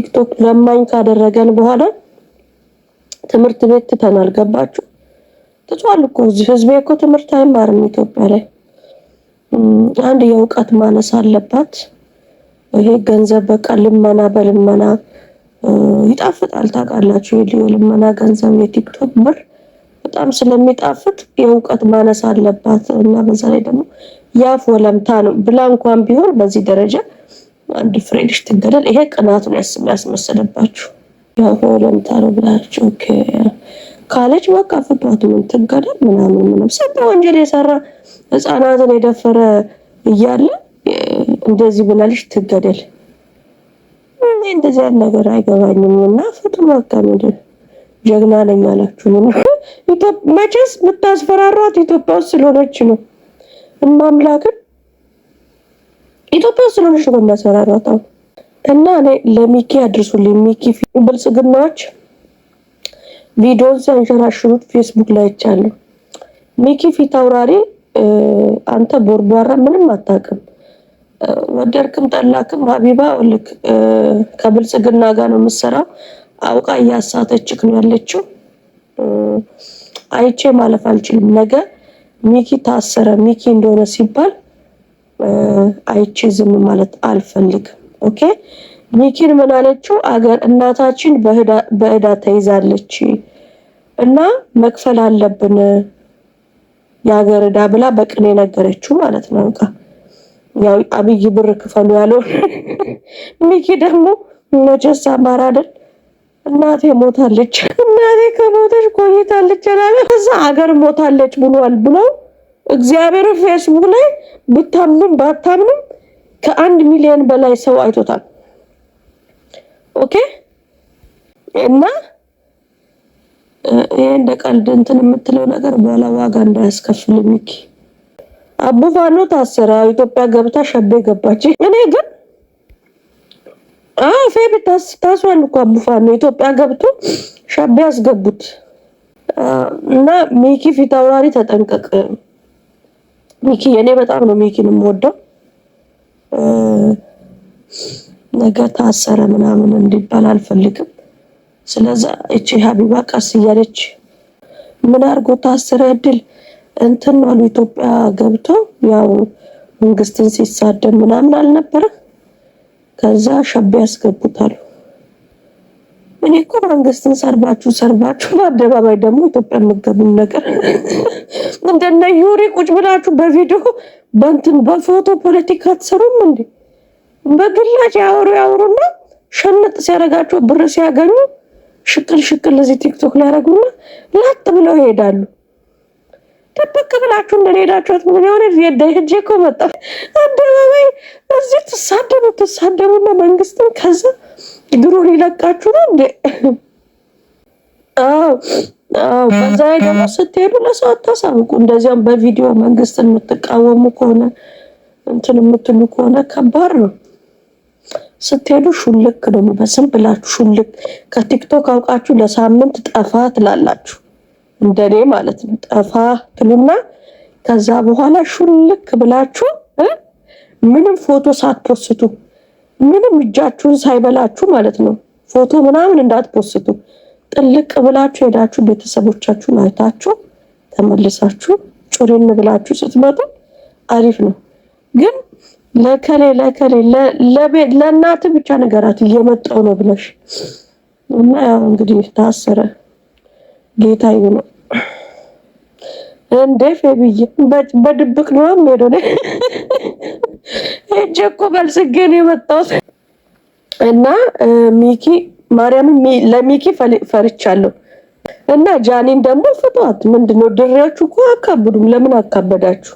ቲክቶክ ለማኝ ካደረገን በኋላ ትምህርት ቤት ትተን አልገባችሁ ትቷል እኮ እዚህ ህዝቤ እኮ ትምህርት አይማርም ኢትዮጵያ ላይ። አንድ የእውቀት ማነስ አለባት። ይሄ ገንዘብ በቃ ልመና በልመና ይጣፍጣል። ታውቃላችሁ? የልመና ገንዘብ የቲክቶክ ብር በጣም ስለሚጣፍጥ የእውቀት ማነስ አለባት እና በዛ ላይ ደግሞ ያፍ ወለምታ ነው ብላ እንኳን ቢሆን በዚህ ደረጃ አንድ ፍሬንድሽ ትንገደል። ይሄ ቅናቱን ያስመሰለባችሁ ለምታረው ብላችሁ ካለች በቃ ፍቷት ምን ትንገደል ምናምን ምንም ሰጠ ወንጀል የሰራ ህፃናትን የደፈረ እያለ እንደዚህ ብላልሽ ትገደል። እንደዚህ ያለ ነገር አይገባኝም። እና ፍቱ በቃ ምንድን ጀግና ነኝ አላችሁ። መቼስ የምታስፈራሯት ኢትዮጵያ ውስጥ ስለሆነች ነው እማምላክን ኢትዮጵያ ስለሆነች ነው መሰራራታው እና እኔ ለሚኪ አድርሱልኝ። ሚኪ ብልጽግናዎች ቪዲዮን ሲያንሸራሽሩት ፌስቡክ ላይ ይቻለሁ። ሚኪ ፊት አውራሪ፣ አንተ ቦርቧራ፣ ምንም አታውቅም። ወደርክም ጠላክም ሀቢባ ልክ ከብልጽግና ጋር ነው የምትሰራው። አውቃ እያሳተችክ ነው ያለችው። አይቼ ማለፍ አልችልም። ነገ ሚኪ ታሰረ ሚኪ እንደሆነ ሲባል አይቺ ዝም ማለት አልፈልግም። ኦኬ ሚኪን ምን አለችው? አገር እናታችን በዕዳ ተይዛለች እና መክፈል አለብን የሀገር ዕዳ ብላ በቅኔ ነገረችው ማለት ነው። በቃ ያው አብይ ብር ክፈሉ ያለው ሚኪ ደግሞ መጀስ አማራ አይደል እናቴ ሞታለች፣ እናቴ ከሞተች ቆይታለች አላለ። ከዛ አገር ሞታለች ብሏል ብለው እግዚአብሔር ፌስቡክ ላይ ብታምኑም ባታምኑም ከአንድ ሚሊዮን በላይ ሰው አይቶታል። ኦኬ እና ይሄ እንደ ቀልድ እንትን የምትለው ነገር በኋላ ዋጋ እንዳያስከፍል ሚኪ አቡ ፋኖ ታሰረ፣ ኢትዮጵያ ገብታ ሸቤ ገባች። እኔ ግን አዎ ፌብ ታስሯል እኮ አቡ ፋኖ ኢትዮጵያ ገብቶ ሸቤ ያስገቡት እና ሚኪ ፊት አውራሪ ተጠንቀቅ። ሚኪ እኔ በጣም ነው ሚኪን የምወደው። ነገ ታሰረ ምናምን እንዲባል አልፈልግም። ስለዛ እቺ ሀቢባ ቀስ እያለች ምን አድርጎ ታሰረ እድል እንትን አሉ ኢትዮጵያ ገብቶ ያው መንግስትን ሲሳደብ ምናምን አልነበረ። ከዛ ሸቤ ያስገቡታሉ። እኔ እኮ መንግስትን ሰርባችሁ ሰርባችሁ በአደባባይ ደግሞ ኢትዮጵያ የምገቡም ነገር እንደነ ዩሪ ቁጭ ብላችሁ በቪዲዮ በንትን በፎቶ ፖለቲካ አትሰሩም እንዴ? በግላጭ ያወሩ ያወሩና ሸንጥ ሲያደርጋቸው ብር ሲያገኙ ሽቅል ሽቅል እዚህ ቲክቶክ ላይ ላጥ ብለው ይሄዳሉ። ደበቅ ብላችሁ እንደሄዳችሁት ምን ሆነ? ሄጄ እኮ መጣሁ አደባባይ እዚህ ትሳደቡ ትሳደቡና መንግስትን ከዛ ድሮ ሊለቃችሁ ነው እንዴ? በዛ ደግሞ ስትሄዱ ለሰው አታሳውቁ። እንደዚያም በቪዲዮ መንግስትን የምትቃወሙ ከሆነ እንትን የምትሉ ከሆነ ከባድ ነው። ስትሄዱ ሹልክ ደግሞ በስም ብላችሁ ሹልክ ከቲክቶክ አውቃችሁ ለሳምንት ጠፋ ትላላችሁ። እንደኔ ማለት ነው። ጠፋ ትሉና ከዛ በኋላ ሹልክ ብላችሁ ምንም ፎቶ ሳትፖስቱ ምንም እጃችሁን ሳይበላችሁ ማለት ነው። ፎቶ ምናምን እንዳትፖስቱ ጥልቅ ብላችሁ ሄዳችሁ ቤተሰቦቻችሁን አይታችሁ ተመልሳችሁ ጩሪን ብላችሁ ስትመጡ አሪፍ ነው። ግን ለከሌ ለከሌ ለእናት ብቻ ነገራት እየመጣው ነው ብለሽ እና ያው እንግዲህ ታሰረ። ጌታ ነው እንዴ ፌብዬ፣ በድብቅ ነው ሄዶ ሄጄ እኮ በልጽጌ ነው የመጣሁት እና ሚኪ ማርያምን ለሚኪ ፈርቻለሁ እና ጃኒን ደግሞ ፍቷት። ምንድነው ድሬዎቹ እኮ አካብዱም። ለምን አካበዳችሁ?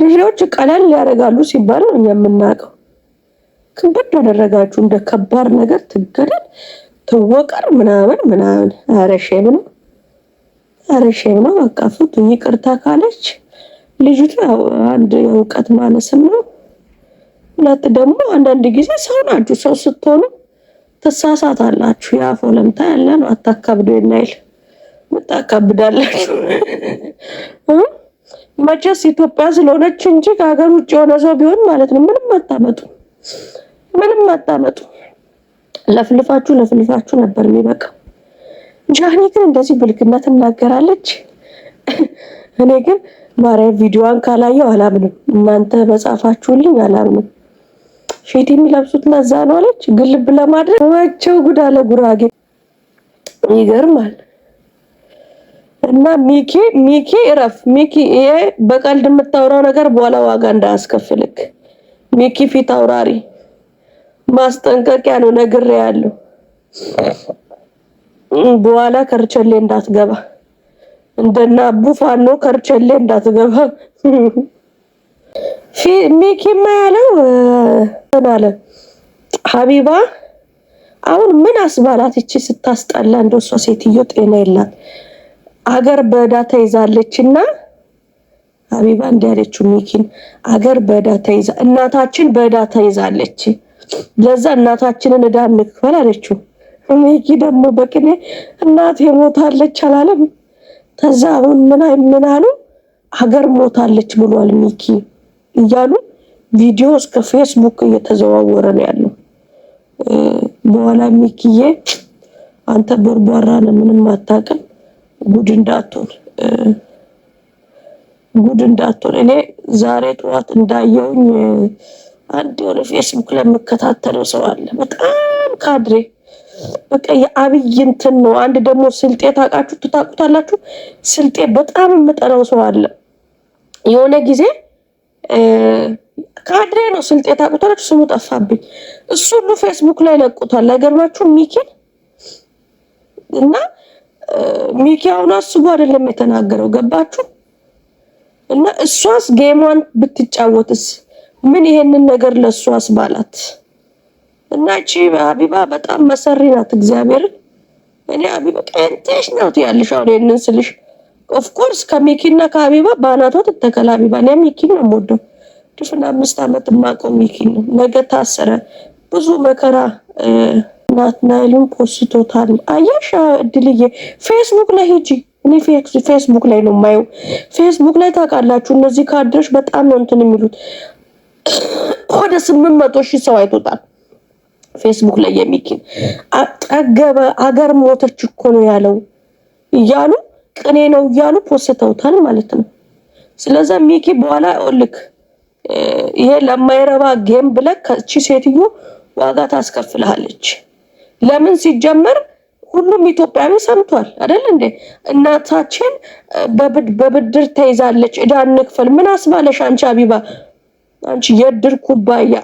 ድሬዎች ቀለል ያደርጋሉ ሲባል ነው የምናውቀው። ክብድ ያደረጋችሁ እንደ ከባድ ነገር ትገደል ትወቀር ምናምን ምናምን። ኧረ ሼም ነው፣ ኧረ ሼም ነው። በቃ ፍቱ። ይቅርታ ካለች ልጅቷ አንድ የእውቀት ማነስም ነው ሁለት ደግሞ አንዳንድ ጊዜ ሰው ናችሁ። ሰው ስትሆኑ ትሳሳታላችሁ። የአፍ ለምታ ያለ ነው። አታካብዶ የናይል ምታካብዳላችሁ። መቼስ ኢትዮጵያ ስለሆነች እንጂ ከሀገር ውጭ የሆነ ሰው ቢሆን ማለት ነው ምንም አታመጡ፣ ምንም አታመጡ። ለፍልፋችሁ ለፍልፋችሁ ነበር የሚበቃው። ጃኒ ግን እንደዚህ ብልግነት ትናገራለች። እኔ ግን ማርያም ቪዲዮዋን ካላየው አላምንም። እናንተ በጻፋችሁልኝ አላምንም። ሼት የሚለብሱት ለዛ ነው አለች። ግልብ ለማድረግ ወቸው ጉድ አለ ጉራጌ። ይገርማል። እና ሚኪ ሚኪ እረፍ ሚኪ። ይሄ በቀልድ የምታውራው ነገር በኋላ ዋጋ እንዳያስከፍልክ ሚኪ። ፊት አውራሪ ማስጠንቀቂያ ነው ነግሬ ያለው በኋላ ከርቸሌ እንዳትገባ እንደና ቡፋኖ ከርቸሌ እንዳትገባ ሚኪማ ያለው ማለ ሀቢባ አሁን ምን አስባላት? ይቺ ስታስጠላ እንደ እሷ ሴትዮ ጤና የላት አገር በዕዳ ተይዛለች እና ሀቢባ ያለችው ሚኪን አገር በዕዳ ተይዛ እናታችን በዕዳ ተይዛለች፣ ለዛ እናታችንን ዕዳ እንክፈል አለችው። ሚኪ ደግሞ በቅኔ እናቴ ሞታለች አላለም። ተዛ አሁን ምን አሉ? አገር ሞታለች ብሏል ሚኪ እያሉ ቪዲዮ እስከ ፌስቡክ እየተዘዋወረ ነው ያለው። በኋላ ሚክዬ አንተ ቦርቧራ ነው ምንም አታውቅም፣ ጉድ እንዳትሆን ጉድ እንዳትሆን። እኔ ዛሬ ጠዋት እንዳየውኝ አንድ የሆነ ፌስቡክ ላይ የምከታተለው ሰው አለ፣ በጣም ካድሬ በቃ የአብይ እንትን ነው። አንድ ደግሞ ስልጤ ታውቃችሁ፣ ታውቁታላችሁ። ስልጤ በጣም የምጠላው ሰው አለ የሆነ ጊዜ ካድሬ ነው ስልጤ ታውቁታላችሁ፣ ስሙ ጠፋብኝ። እሱ ሁሉ ፌስቡክ ላይ ለቁቷል። አይገርማችሁ ሚኪን እና ሚኪ አሁን አስቡ አይደለም የተናገረው ገባችሁ። እና እሷስ ጌሟን ብትጫወትስ ምን ይሄንን ነገር ለእሷ ባላት እና እቺ ሀቢባ በጣም መሰሪ ናት። እግዚአብሔርን እኔ ሀቢባ ቀንቴሽ ነው ያልሽ አሁን ይሄንን ስልሽ ኦፍኮርስ ከሚኪና ከአቢባ በአናቷ ትተከል አቢባ እኔ ሚኪን ነው የምወደው። ድፍን አምስት ዓመት የማውቀው ሚኪን ነው። ነገ ታሰረ። ብዙ መከራ ናትናኤልን ፖስቶታል። አያሽ እድልዬ ፌስቡክ ላይ ሂጂ። እኔ ፌስቡክ ላይ ነው የማየው። ፌስቡክ ላይ ታውቃላችሁ፣ እነዚህ ካድሬዎች በጣም ነው እንትን የሚሉት። ወደ ስምንት መቶ ሺህ ሰው አይቶታል ፌስቡክ ላይ የሚኪን ጠገበ አገር ሞተች እኮ ነው ያለው እያሉ ቅኔ ነው እያሉ ፖስተውታል ማለት ነው። ስለዛ ሚኪ በኋላ ልክ ይሄ ለማይረባ ጌም ብለህ ከቺ ሴትዮ ዋጋ ታስከፍልሃለች። ለምን ሲጀመር ሁሉም ኢትዮጵያዊ ሰምቷል አይደል እንዴ? እናታችን በብድር ተይዛለች፣ ዕዳ እንክፈል። ምን አስባለሽ አንቺ አቢባ፣ አንቺ የድር ኩባያ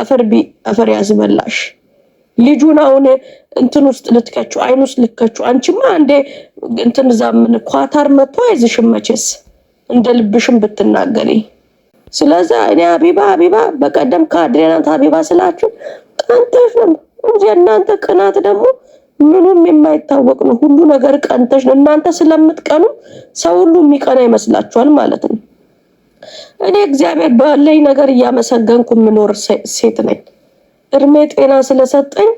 አፈር ቢ አፈር ያዝበላሽ። ልጁን አሁን እንትን ውስጥ ልትከችው አይን ውስጥ ልትከችው። አንቺማ አንዴ እንትን እዛ ምን ኳታር መጥቶ አይዝሽም መቼስ እንደ ልብሽም ብትናገሪ። ስለዛ እኔ አቢባ አቢባ በቀደም ካድሬ ናት ስላችሁ ቀንተሽ ነው እንጂ እናንተ ቅናት ደግሞ ምኑም የማይታወቅ ነው። ሁሉ ነገር ቀንተሽ ነው። እናንተ ስለምትቀኑ ሰው ሁሉ የሚቀና ይመስላችኋል ማለት ነው። እኔ እግዚአብሔር ባለኝ ነገር እያመሰገንኩ የምኖር ሴት ነኝ። እድሜ ጤና ስለሰጠኝ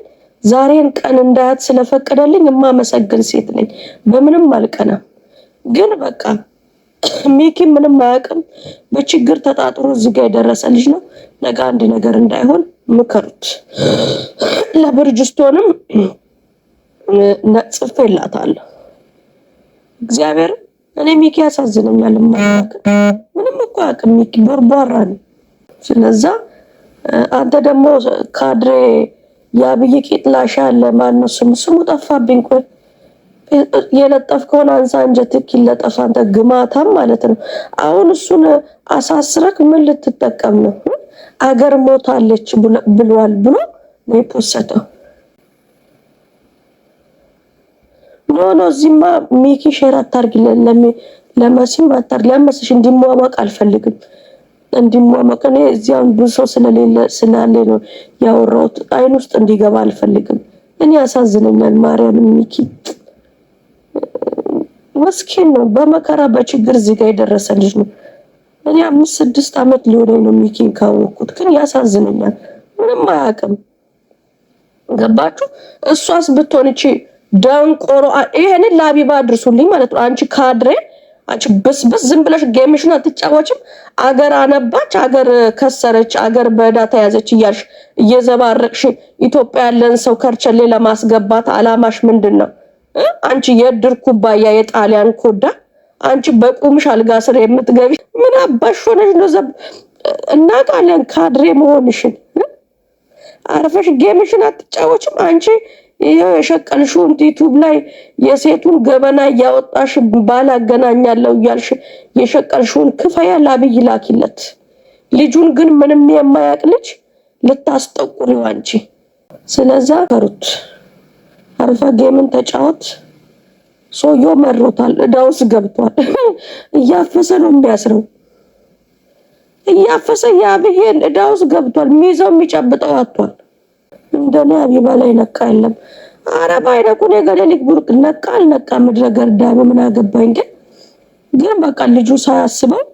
ዛሬን ቀን እንዳያት ስለፈቀደልኝ የማመሰግን ሴት ነኝ። በምንም አልቀናም። ግን በቃ ሚኪ ምንም አያውቅም። በችግር ተጣጥሮ ዝጋ የደረሰ ልጅ ነው። ነገ አንድ ነገር እንዳይሆን ምከሩት። ለብርጅስቶንም ጽፌላታለሁ። እግዚአብሔር እኔ ሚኪ ያሳዝነኛል። ምንም እኮ አያውቅም ሚኪ ቦርቧራ ነው። ስለዛ አንተ ደግሞ ካድሬ የአብይ ቂጥ ላሻ አለ ማነው ስሙ? ስሙ ጠፋብኝ። ቆይ የለጠፍ ከሆነ አንሳ፣ እንጀትክ ይለጠፍ። አንተ ግማታም ማለት ነው። አሁን እሱን አሳስረክ ምን ልትጠቀም ነው? አገር ሞታለች ብሏል ብሎ ነው የፖሰተው። ኖ ኖ እዚህማ ሚኪ ሼር አታርግ፣ ለመሲም አታርግ። ለመሰሽ እንዲሟዋቅ አልፈልግም እንዲሟሟቅ እኔ እዚያውን ብዙ ሰው ስለሌለ ስላለ ነው ያወራሁት። አይን ውስጥ እንዲገባ አልፈልግም። እኔ ያሳዝነኛል። ማርያም ሚኪ መስኪን ነው። በመከራ በችግር እዚህ ጋር የደረሰ ልጅ ነው። እኔ አምስት ስድስት ዓመት ሊሆነኝ ነው ሚኪን ካወቅኩት፣ ግን ያሳዝነኛል። ምንም አያውቅም። ገባችሁ? እሷስ ብትሆን እቺ ደንቆሮ ይሄንን ለአቢባ አድርሱልኝ ማለት ነው አንቺ ካድሬ አንቺ ብስብስ ዝም ብለሽ ጌምሽን አትጫወችም። አገር አነባች፣ አገር ከሰረች፣ አገር በዕዳ ተያዘች እያልሽ እየዘባረቅሽ ኢትዮጵያ ያለን ሰው ከርቸሌ ለማስገባት አላማሽ ምንድን ነው? አንቺ የእድር ኩባያ የጣሊያን ኮዳ፣ አንቺ በቁምሽ አልጋ ስር የምትገቢ ምን አባሽ ሆነሽ ነው? ዘብ እናውቃለን ካድሬ መሆንሽን። አርፈሽ ጌምሽን አትጫወችም አንቺ ይሄው የሸቀልሽው እንዲ ዩቲዩብ ላይ የሴቱን ገበና እያወጣሽ ባል አገናኛለሁ እያልሽ የሸቀልሽውን ክፈያ ላብይ ላኪለት። ልጁን ግን ምንም የማያቅ ልጅ ልታስጠቁሪው አንቺ። ስለዛ ፈሩት አርፈ ጌምን ተጫወት። ሰውዬው መሮታል፣ እዳውስ ውስጥ ገብቷል። እያፈሰ ነው የሚያስረው እያፈሰ ያብሄን እዳውስ ውስጥ ገብቷል። ሚይዘው የሚጨብጠው አጥቷል። እንደኔ አቢባ ላይ ነቃ የለም። አረ ባይነቁ የገሌሊክ ቡርቅ ነቃ አልነቃ ምድረ ገርዳ በምን አገባኝ። ግን ግን በቃ ልጁ ሳያስበን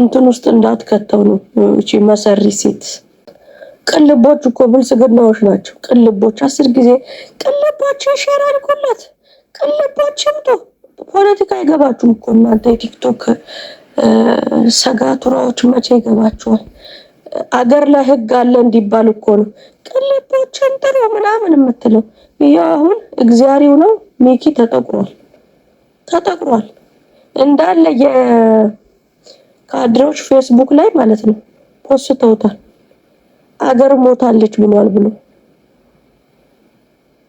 እንትን ውስጥ እንዳትከተው ነው። እቺ መሰሪ ሴት ቅልቦች እኮ ብልጽግናዎች ናቸው። ቅልቦች አስር ጊዜ ቅልቦች ሼር አድርጎላት ቅልቦችም ቶ ፖለቲካ አይገባችሁም እኮ እናንተ የቲክቶክ ሰጋቱራዎች መቼ ይገባችኋል? አገር ላይ ህግ አለ እንዲባል እኮ ነው። ቅሌቶችን ጥሩ ምናምን የምትለው ይሄ አሁን እግዚአብሔር ነው። ሚኪ ተጠቁሯል፣ ተጠቁሯል እንዳለ የካድሬዎች ፌስቡክ ላይ ማለት ነው ፖስተውታል። አገር ሞታለች ብሏል ብሎ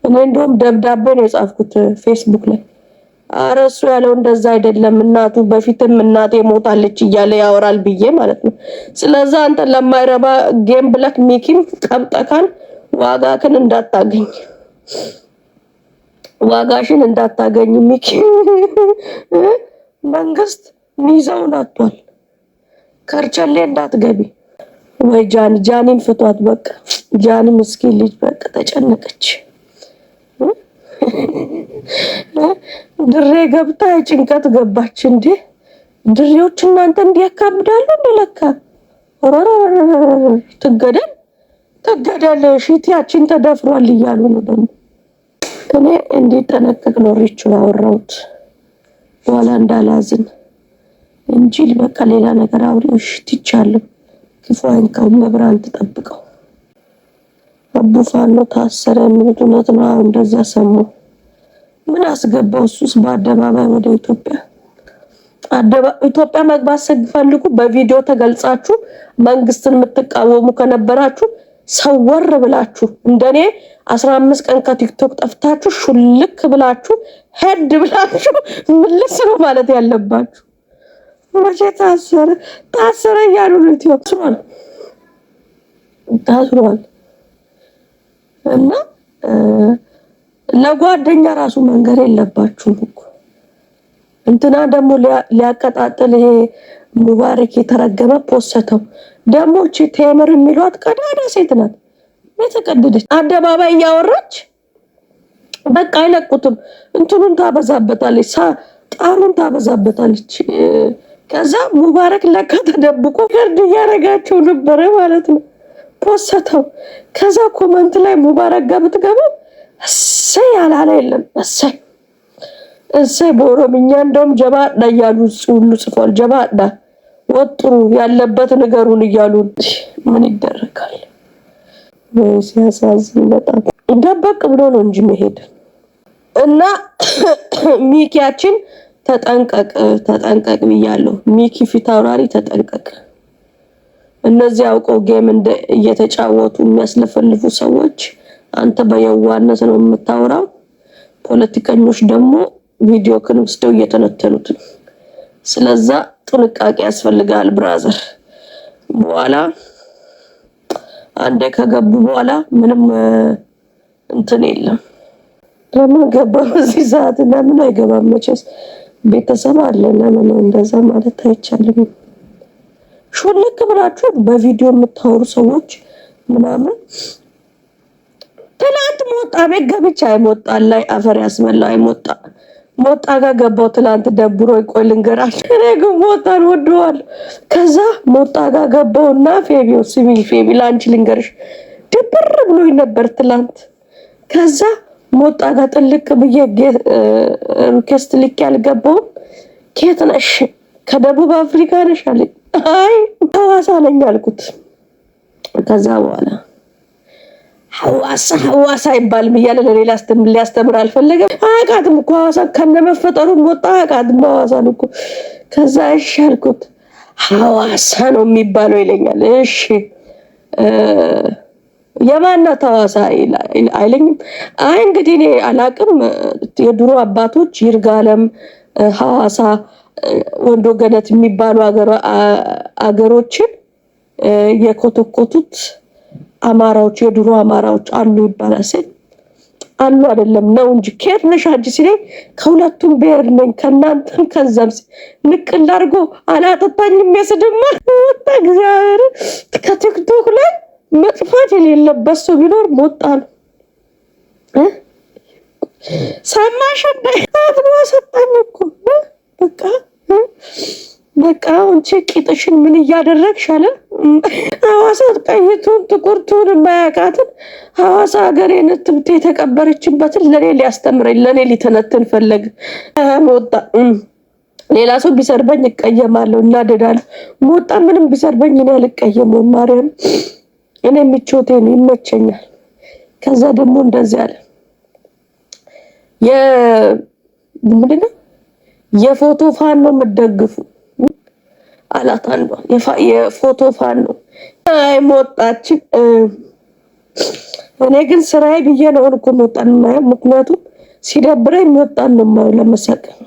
እኔ እንደውም ደብዳቤ ነው የጻፍኩት ፌስቡክ ላይ ኧረ እሱ ያለው እንደዛ አይደለም፣ እናቱ በፊትም እናቴ ሞታለች እያለ ያወራል ብዬ ማለት ነው። ስለዛ አንተ ለማይረባ ጌም ብለክ ሚኪም ቀብጠካን ዋጋክን እንዳታገኝ ዋጋሽን እንዳታገኝ ሚኪ መንግስት ሚዛውን አጥቷል። ከርቸሌ እንዳትገቢ ወይ ጃኒ ጃኒን ፍቷት በቃ ጃኒ ምስኪን ልጅ በቃ ተጨነቀች። ድሬ ገብታ የጭንቀት ገባች እንዴ? ድሬዎች እናንተ እንዲያካብዳሉ እንደለካ ትገደል ትገደል ሺት ያችን ተደፍሯል እያሉ ነው። ደግሞ እኔ እንዲጠነቀቅ ነው ሪቹ ያወራሁት በኋላ እንዳላዝን እንጂ በቃ ሌላ ነገር አውሪው። ሽት ይቻለም ክፉ አይንካው፣ መብራን ትጠብቀው። አቡፋኖ ታሰረ የሚሉት እውነት ነው። እንደዚያ ሰማሁ። ምን አስገባው እሱስ በአደባባይ ወደ ኢትዮጵያ ኢትዮጵያ መግባት ስትፈልጉ በቪዲዮ ተገልጻችሁ መንግስትን የምትቃወሙ ከነበራችሁ ሰወር ብላችሁ እንደኔ አስራ አምስት ቀን ከቲክቶክ ጠፍታችሁ ሹልክ ብላችሁ ሄድ ብላችሁ ምልስ ነው ማለት ያለባችሁ። መቼ ታሰረ ታሰረ እያሉ ነው። ኢትዮጵያ ታስሯል እና ለጓደኛ ራሱ መንገር የለባችሁም እኮ እንትና ደግሞ ሊያቀጣጥል ይሄ ሙባረክ የተረገመ ፖሰተው ደግሞ እቺ ቴምር የሚሏት ቀዳዳ ሴት ናት። የተቀደደች አደባባይ እያወራች በቃ አይለቁትም። እንትኑን ታበዛበታለች፣ ጣሩን ታበዛበታለች። ከዛ ሙባረክ ለካ ተደብቆ ፍርድ እያደረጋቸው ነበረ ማለት ነው። ፖሰተው ከዛ ኮመንት ላይ ሙባረክ ጋር ብትገባ እሰይ ያላለ የለም። እሰይ እሰይ በኦሮምኛ እንደውም ጀባዳ እያሉ ሁሉ ጽፏል። ጀባዳ ወጥሩ ያለበት ንገሩን እያሉ ምን ይደረጋል? ሲያሳዝን በጣም ደበቅ ብሎ ነው እንጂ መሄድ እና ሚኪያችን ተጠንቀቅ ተጠንቀቅ ብያለሁ። ሚኪ ፊት አውራሪ ተጠንቀቅ። እነዚህ አውቀው ጌም እየተጫወቱ የሚያስለፈልፉ ሰዎች አንተ በየዋነት ነው የምታወራው። ፖለቲከኞች ደግሞ ቪዲዮ ክንውስደው እየተነተኑት ነው። ስለዛ ጥንቃቄ ያስፈልጋል ብራዘር። በኋላ አንዴ ከገቡ በኋላ ምንም እንትን የለም። ለምን ገባ በዚህ ሰዓት? ለምን አይገባም? መቼስ ቤተሰብ አለ። ለምን እንደዛ ማለት አይቻልም። ሹልክ ብላችሁ በቪዲዮ የምታወሩ ሰዎች ምናምን ትላንት ሞጣ ቤት ገብቼ አይሞጣ ላይ አፈር ያስመላው አይሞጣ ሞጣ ጋር ገባው። ትላንት ደብሮ ቆይ ልንገራችሁ፣ እኔ ግን ሞጣን ወደዋለሁ። ከዛ ሞጣ ጋር ገባውና ፌቢው ስሚ ፌቢ፣ ለአንቺ ልንገርሽ ድብር ብሎኝ ነበር ትላንት። ከዛ ሞጣ ጋር ጥልቅ ብዬ ሪኬስት ልክ ያልገባውም ኬት ነሽ? ከደቡብ አፍሪካ ነሽ አለኝ። አይ ሐዋሳ ነኝ አልኩት። ከዛ በኋላ ሐዋሳ ሐዋሳ አይባልም እያለ ለሌላ ሊያስተምር አልፈለገም። አቃትም እኮ ሐዋሳ ከነመፈጠሩ ወጣ አያውቃትም ሐዋሳን እኮ። ከዛ እሺ አልኩት ሐዋሳ ነው የሚባለው ይለኛል። እሺ የማናት ሐዋሳ አይለኝም። አይ እንግዲህ እኔ አላቅም። የድሮ አባቶች ይርጋለም፣ ሐዋሳ፣ ወንዶ ገነት የሚባሉ አገሮችን የኮተኮቱት አማራዎች የድሮ አማራዎች አሉ ይባላል። ሴት አሉ አይደለም ነው እንጂ ኬር ነሽ አጅ ሲለኝ ከሁለቱም ብሔር ነኝ ከእናንተም ከዛም ንቅ እንዳርጎ አላጠጣኝ የሚያስደማ ወጣ። እግዚአብሔር ከቲክቶክ ላይ መጥፋት የሌለበት ሰው ቢኖር ሞጣ ነው። ሰማሽ? አድማ ሰጣኝ እኮ በቃ በቃ አንቺ ቂጥሽን ምን እያደረግሽ አለ። ሐዋሳት ቀይቱን ጥቁርቱን የማያውቃትን ሐዋሳ ሀገር የንትብት የተቀበረችበትን ለእኔ ሊያስተምረኝ ለእኔ ሊተነትን ፈለግ ወጣ። ሌላ ሰው ቢሰርበኝ እቀየማለሁ፣ እናደዳለሁ። ሞጣ ምንም ቢሰርበኝ እኔ አልቀየመውም። ማርያም እኔ ምቾቴ ነው፣ ይመቸኛል። ከዛ ደግሞ እንደዚህ አለ ምንድነው የፎቶ ፋን ነው የምትደግፉ አላት። አንዷ የፎቶ ፋን ነው አይሞጣችን። እኔ ግን ስራዬ ብዬ ነው እኮ መውጣን። ምክንያቱም ሲደብረ የሚወጣን ነው ለመሳቀም